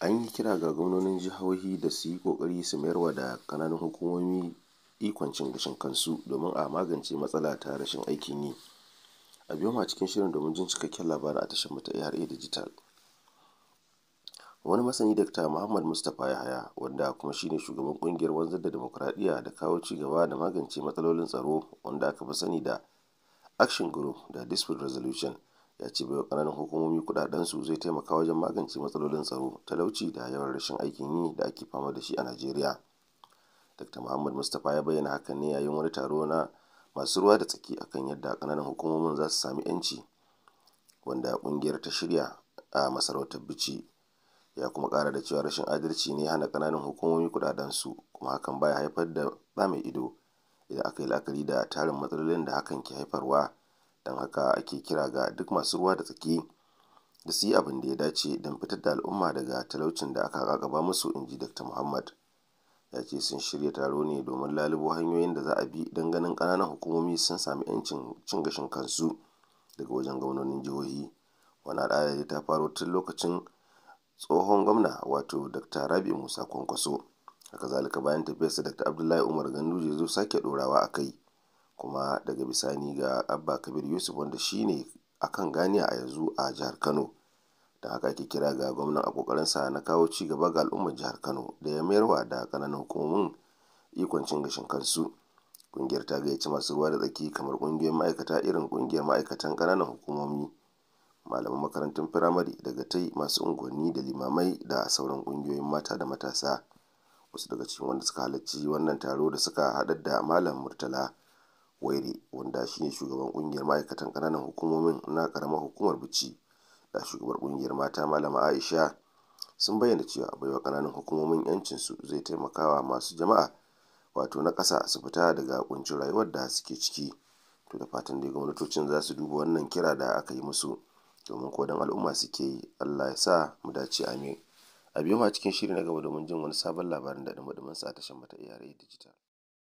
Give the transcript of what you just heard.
an yi kira ga gwamnonin jihohi da su yi ƙoƙari su mayarwa da kananan hukumomi ikon cin gashin kansu domin a magance matsala ta rashin aikin yi. A biyo ma cikin shirin domin jin cikakken labarin a tashar mata ta ARA Digital. Wani masani Dr. Muhammad Mustapha Yahaya wanda kuma shine shugaban kungiyar wanzar da demokuraɗiyya da kawo cigaba da magance matsalolin tsaro wanda aka fi sani da Action Group da Dispute Resolution ya ce bai kananan hukumomi su zai taimaka wajen magance matsalolin tsaro talauci da yawan rashin aikin yi da ake fama da shi a najeriya dr muhammad mustapha ya bayyana hakan ne yayin wani taro na masu ruwa da tsaki akan yadda kananan hukumomin za su sami 'yanci wanda ƙungiyar ta shirya a masarautar bici ya kuma kara da cewa rashin adalci ne hana kananan hukumomi su kuma hakan baya haifar da ba mai ido idan aka yi la'akari da tarin matsalolin da hakan ke haifarwa don haka ake kira ga duk masu ruwa da tsaki da su yi abin da ya dace don fitar da al'umma daga talaucin da aka gaba musu inji dr muhammad ya ce sun shirya taro ne domin lalubo hanyoyin da za a bi don ganin ƙananan hukumomi sun sami 'yancin cin gashin kansu daga wajen gwamnonin jihohi wani al'ada ta faro tun lokacin tsohon gwamna wato dr rabi musa kwankwaso haka zalika bayan tafiyarsa dr abdullahi umar ganduje zo sake ɗorawa a kai kuma daga bisani ga abba kabir yusuf wanda shi shine akan ganiya a yanzu a jihar kano da haka ake kira ga gwamnan a kokarinsa na kawo ci gaba ga al'ummar jihar kano da ya mayarwa da kananan hukumomin ikon cin gashin kansu kungiyar ta gayyaci masu ruwa da tsaki kamar kungiyar ma'aikata irin kungiyar ma'aikatan kananan hukumomi malaman makarantun firamare daga tai masu unguwanni da limamai da sauran kungiyoyin mata da matasa wasu daga cikin wanda suka halarci wannan taro da suka haɗar da malam murtala Waire wanda shi ne shugaban kungiyar ma'aikatan kananan hukumomin na karamar hukumar bici da shugabar kungiyar mata Malama Aisha sun bayyana cewa baiwa kananan hukumomin yancin su zai taimakawa masu jama'a wato na kasa su fita daga kuncin rayuwar da suke ciki to da fatan dai gwamnatocin za su duba wannan kira da aka yi musu domin ko dan al'umma suke yi Allah ya sa mu dace amin a biyo ma cikin shiri na gaba domin jin wani sabon labarin da dumudumin sa a tashar mata iyare digital